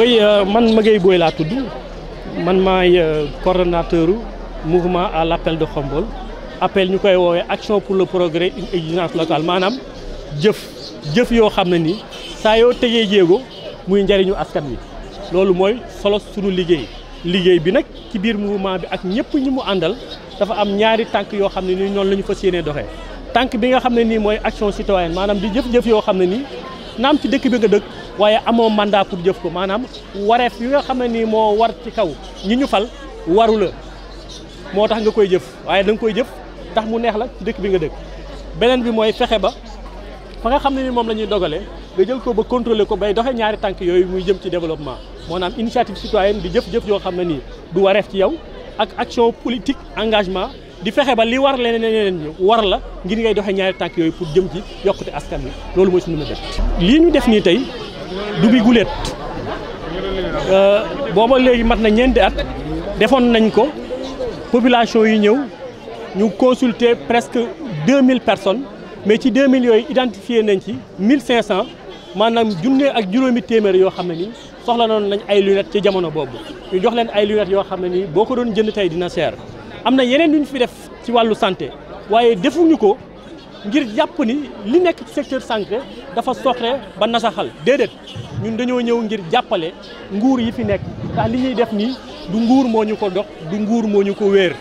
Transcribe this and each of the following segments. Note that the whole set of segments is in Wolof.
oui euh, man Magueye Boye laa tudd man maay euh, coordonnateur mouvement à l' appel de Khombole appel ñu koy woowee action pour le progrès une exigence locale maanaam jëf jëf yoo xam ne nii saa yoo tegee jéego muy njariñu askat wi loolu mooy solo suñu liggéey liggéey bi nag ci biir mouvement bi ak ñëpp ñi mu àndal dafa am ñaari tànk yoo xam ne nii noonu la ñu fas yéenee doxee tànk bi nga xam ne nii mooy action citoyenne maanaam di jëf-jëf yoo xam ne nii naam ci dëkk bi nga waaye amoo mandat pour jëf ko maanaam wareef yi nga xam ne nii moo war ci kaw ñi ñu fal waru la moo tax nga koy jëf waaye danga koy jëf tax mu neex la ci dëkk bi nga dëkk beneen bi mooy fexe ba fa nga xam ne ni moom la ñuy dogalee nga jël ko ba contrôler ko bay doxee ñaari tànk yooyu muy jëm ci développement moonaam naam initiative citoyenne di jëf-jëf yoo xam ne nii du wareef ci yow ak action politique engagement di fexe ba li war leneen leneen ñu war la ngir ngay doxee ñaari tànk yooyu pour jëm ci yokkute askan wi loolu mooy suñu mébét lii ñu def nii tey du bi guléet euh, booba léegi mat na ñeenti at defoon nañ ko population yi ñëw ñu consulter presque 2000 personnes mais ci 2000 yooyu identifié nañ ci 1500 maanaam junne ak juróomi téeméer yoo xam ne nii soxla noon nañ ay lunettes ci jamono boobu ñu jox leen ay lunettes yoo xam ne nii boo ko doon jënd tey dina cher am na yeneen yu ñu fi def ci wàllu sante waaye defuñu ko. ngir jàpp ni li nekk ci secteur santé dafa soxre ba nasaxal déedéet ñun dañoo ñëw ngir jàppale nguur yi fi nekk ndax li ñuy def nii du nguur moo ñu ko dox du nguur moo ñu ko wéer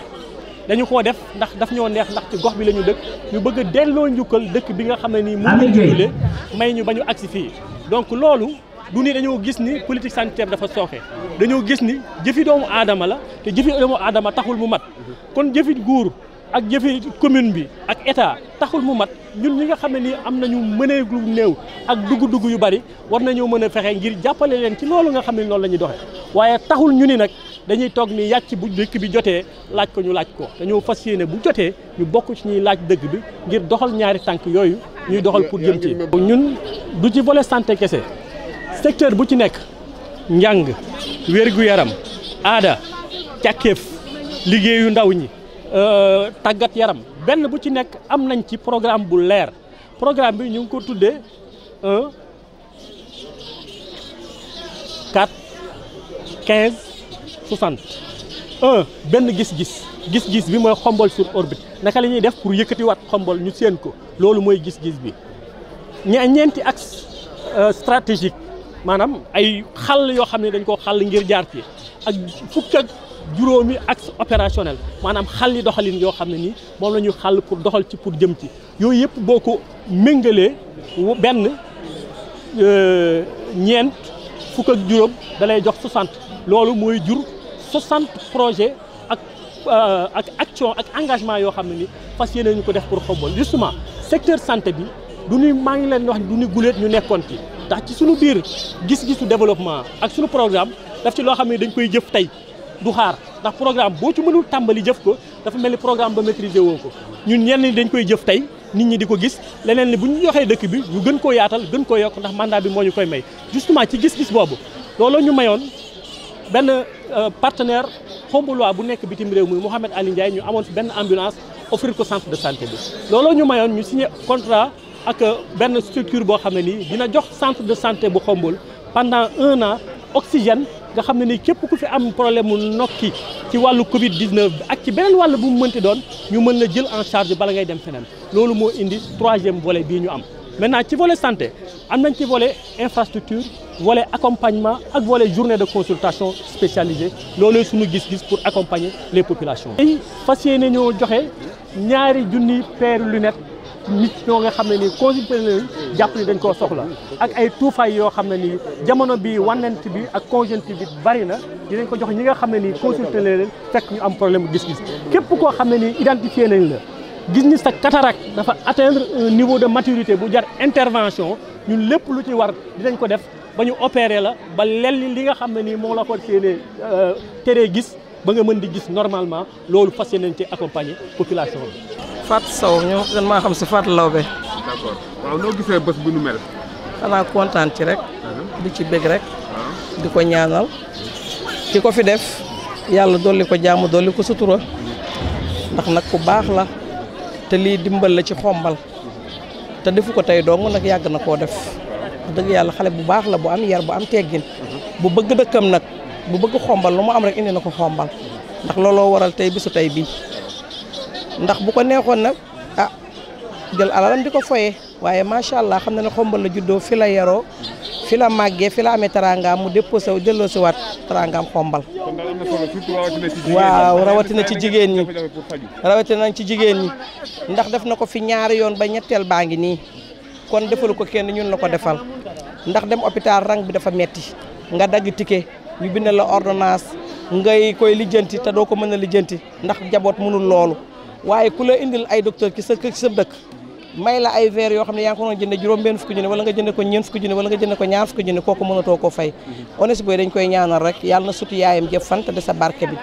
dañu ko def ndax daf ñoo neex ndax ci gox bi lañu ñu dëkk ñu bëgg a delloo njukkal dëkk bi nga xam ne nii mu ngi jubale may ñu ba ñu agsi fii donc loolu du ni dañoo gis ni politique sanitaire dafa sooxe dañoo gis ni jëfi doomu aadama la te jëfi doomu aadama taxul mu mat kon jëfi nguur ak jëfe commune bi ak état taxul mu mat ñun ñi nga xam ne nii am nañu mëneeglu néew ak dugg-dugg yu bari war nañoo mën a fexe ngir jàppale leen ci loolu nga xam ne loolu la doxe waaye taxul ñu ni nag dañuy toog ni yàcc bu dëkk bi jotee laaj ko ñu laaj ko dañoo fas yéene bu jotee ñu bokk ci ñuy laaj dëkk bi ngir doxal ñaari tànk yooyu ñuy doxal pour jëm ci ñun du ci volet sante kese secteur bu ci nekk njàng wér-gu-yaram aada càkkeef liggéeyu ndaw ñi Euh, tàggat yaram benn bu ci nekk am nañ ci programme bu leer programme bi ñu ngi ko tuddee un quatre quinze soixante benn gis-gis gis-gis bi mooy xombol sur orbite naka la ñuy def pour yëkkatiwaat xombol ñu séen ko loolu mooy gis-gis bi ña ñeenti axe euh, stratégique maanaam ay xal yoo xam ne dañ koo xàll ngir jaar ci ak fukk ak juróomi ak opérationnel maanaam yi doxalin yoo xam ne nii moom la ñuy xàll pour doxal ci pour jëm ci yooyu yëpp boo ko méngalee benn euh, ñeent fukk ak juróom dalay jox 60 loolu mooy jur 60 projet ak euh, ak action ak engagement yoo xam ne ni fas yéene ñu ko def pour Xombol justement secteur santé bi du nuy maa ngi leen wax du ñu guleet ñu nekkoon ci ndax ci suñu biir gis-gisu développement ak suñu programme daf ci loo xam ne dañ koy jëf tey du xaar ndax programme boo ci mënul tàmbali jëf ko dafa mel ni programme ba maîtriser woo ko ñu ñen ñi dañ koy jëf tey nit ñi di ko gis leneen li bu ñu joxee dëkk bi ñu gën koo yaatal gën koo yokk ndax mandat bi moo ñu koy may justement ci gis-gis boobu looloo ñu mayoon benn euh, partenaire xombuluwaa bu nekk bitim réew muy Mouhamed Ali Ndiaye ñu amoon fi benn ambulance offrir ko centre de santé bi looloo ñu mayoon ñu signé contrat ak euh, benn structure boo xam ne nii dina jox centre de santé bu xombul pendant un an nga xam ne ni képp ku fi am problème mu nokki ci wàllu Covid 19 bi ak ci beneen wàll bu mu mënti doon ñu mën la jël en charge bala ngay dem feneen loolu moo indi troisième vole bii ñu am. maintenant ci volet santé am nañ ci volet infrastructure volet accompagnement ak volet journée de consultation spécialisée loolu suñu gis-gis pour accompagner les population tey fas yéene ñoo joxe ñaari junni paire lunettes. nit ñoo nga xam ne nii conjuncturel lañu jàpp ni dañ koo soxla ak ay tuufaay yoo xam ne nii jamono bi wanant bi ak conjonctivite bi bari na dinañ ko jox ñi nga xam ne nii consulter leen fekk ñu am problème gis-gis képp koo xam ne nii identifié nañ la gis ni sa cataracte dafa atteindre niveau de maturité bu jar intervention ñun lépp lu ci war dinañ ko def ba ñu opéré la ba lenn li nga xam ne nii moom la ko séenee euh, teree gis ba nga mën di gis normalement loolu fas yéene nañ ci accompagner population Fatou saw ñoo gën maa xam si Fatou Lawbe. d'accord bu nu mel. xanaa kontaan ci rek. Mhm. di ci bëgg rek. Ah. di ko ñaanal. di ko fi def yàlla dolli ko jaamu dolli ko sutura ndax nag ku baax la te lii dimbal la ci xombal te defu ko tey dong nag yàgg na koo def wax dëgg yàlla xale bu baax la bu am yar bu am teggin mhm. bu bëgg dëkkam nag bu bëgg xombal lu mu am rek indi na ko xombal ndax looloo waral tey bisu tey bii. ndax bu ko neexoon nag ah jël alalam di ko foyee waaye macha allah xam na ne xombal la juddoo fila la yaroo fi la màggee fi la amee tarangaam mu déposé wu delloo siwaat waat xombal. waaw rawatina ci jigéen ñi rawatina ci jigéen ndax def na ko fi ñaari yoon ba ñetteel baa ngi nii kon defalu ko kenn ñun la ko defal ndax dem hôpital rang bi dafa metti nga dagg ticket ñu bind la ordonnance ngay koy lijjanti te doo ko mën a lijjanti ndax jaboot mënul loolu. waaye ku la indil ay docteur ci sa ci sa dëkk may la ay verre yoo xam ne yaa ngi ko doon jënde juróom benn fukki junne wala nga jënde ko ñeent fukki junne wala nga jënde ko ñaar fukki junne kooku mënatoo koo fay mm-hmm. dañ koy ñaanal rek yàlla na sut yaayam jëf fanta de sa barke bi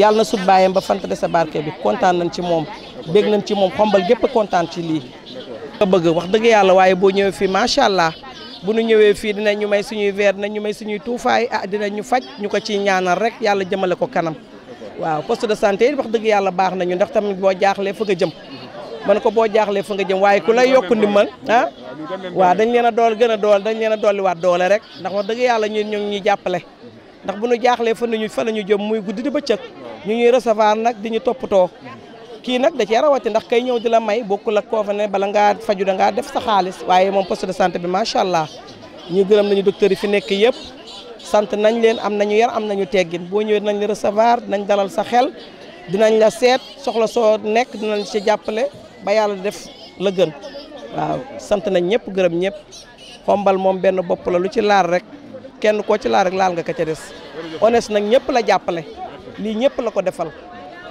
yàlla na sut baayam ba fanta de sa barke bi kontaan nañ ci moom bég nañ ci moom xombal gépp kontaan ci lii ba bëgg wax dëgg yàlla waaye boo ñëwee fii macha allah bu nu ñëwee fii dinañ ñu may suñuy veer dinañ ñu may suñuy tuufaay ah dinañ ñu faj ñu ko ci ñaanal rek yàlla jëmale ko kanam waaw poste de santé yi wax dëgg yàlla baax nañu ndax tamit boo jaaxlee fa nga jëm man ko boo jaaxlee fa nga jëm waaye ku lay yokk ndimbal ah waa dañ leen a dool gën a dool dañ leen a dolliwaat doole rek ndax wax dëgg yàlla ñun ñu ngi ñuy jàppale ndax bu ñu jaaxlee fa nañu fa nañu jëm muy guddi di bëccëg ñu ñuy recevoir nag di ñu toppatoo kii nag da cee rawati ndax kay ñëw di la may bokkul ak koo fa bala ngaa faju da ngaa def sa xaalis waaye moom poste de santé bi macha allah ñu gërëm nañu docteur yi fi nekk yëpp sant nañ leen am nañu yar am nañu teggin boo ñëwee dinañ la recevoir nañ dalal sa xel dinañ la seet soxla soo nekk dinañ ci jàppale ba yàlla def la gën waaw sant nañ ñëpp gërëm ñëpp xombal moom benn bopp la lu ci laar rek kenn koo ci laar rek laal nga ka ca des honnête nag ñëpp la jàppale lii ñëpp la ko defal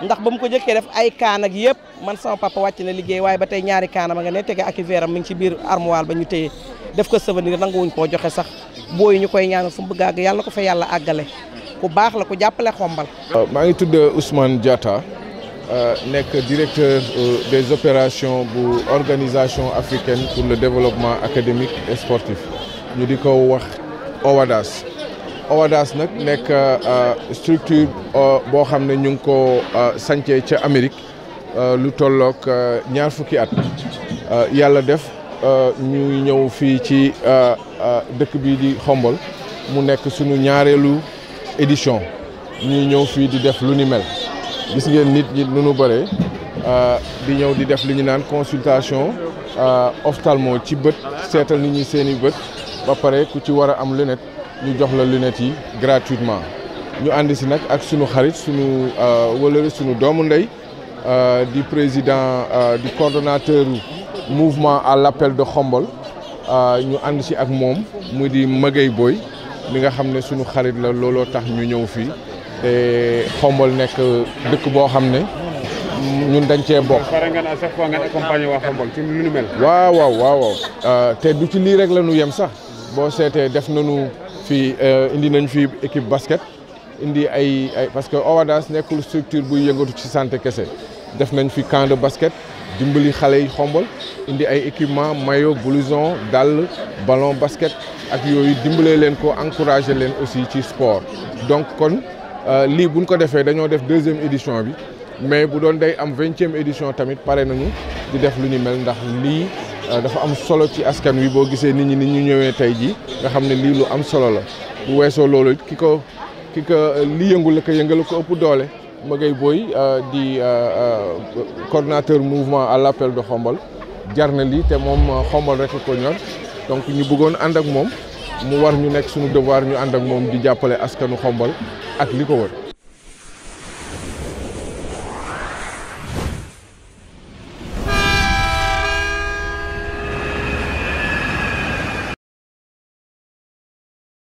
ndax ba mu ko jëkkee def ay kaan ak yëpp man sama papa wàcc na liggéey waaye ba tey ñaari kaanam a nga ne tege ak i veeram mi ngi ci biir armoire ba ñu téye def ko souvenir nanguwuñ koo joxe sax booy ñu koy ñaanal fu mu bëgg àgg yàlla ko fa yàlla àggale ku baax la ku jàppale xombal. Euh, maa ngi tudd Ousmane Diatta euh, nekk directeur euh, des opérations bu organisation africaine pour le développement académique et sportif ñu di ko wax OWADAS. OWADAS nag nekk structure boo xam ne ñu ngi ko sancee ca Amérique lu tollook ñaar fukki at yàlla def. Euh, ñu ñëw fii ci euh, euh, dëkk bi di Xombol mu nekk sunu ñaareelu édition ñu ñëw fii di def lu ni mel gis ngeen nit ñi nu nu bëree di ñëw di def li ñu naan consultation oftalmo ci bët seetal ni ñi seeni bët ba pare ku ci war a am lunette ñu jox la lunette yi gratuitement ñu ànd si nag ak sunu xarit sunu wëlëri sunu doomu ndey Euh, di président euh, di coordonnateur mouvement à l'appel de Xombol euh, ñu ànd si ak moom mu di magey Boye mi nga xam ne suñu xarit la looloo tax ñu ñëw fii te Xombol nekk dëkk boo xam ne ñun dañ cee bokk. pare ngeen à chaque Xombol ci lu ñu waaw waaw waaw te du ci lii rek la yem sax boo seetee def nu fii indi nañ fii équipe basket indi ay ay parce que Owadas nekkul structure buy yëngatu ci santé kese. def nañ fi camp de basket dimbali xale yi xombal indi ay équipement maillot blouson dàll ballon basket ak yooyu dimbalee leen ko encourager leen aussi ci sport donc kon euh, lii buñ ko defee dañoo def deuxième édition bi mais bu doon day am vingtième édition tamit pare nañu di def lu ñu mel ndax lii euh, dafa am solo ci askan wi boo gisee nit ñi ni ñu ñëwee tey jii nga xam ne lii lu am solo la bu weesoo loolu ki ko ki ko li yëngu la ko yëngal ko ëpp doole Magay Boy euh, di euh, euh, coordonnateur mouvement à l'appel de xombal jarne na lii te moom Xombol rek ko ñor donc ñu buggoon ànd ak moom mu war ñu nekk suñu devoir ñu ànd ak moom di jàppale askanu xombal ak li ko wër.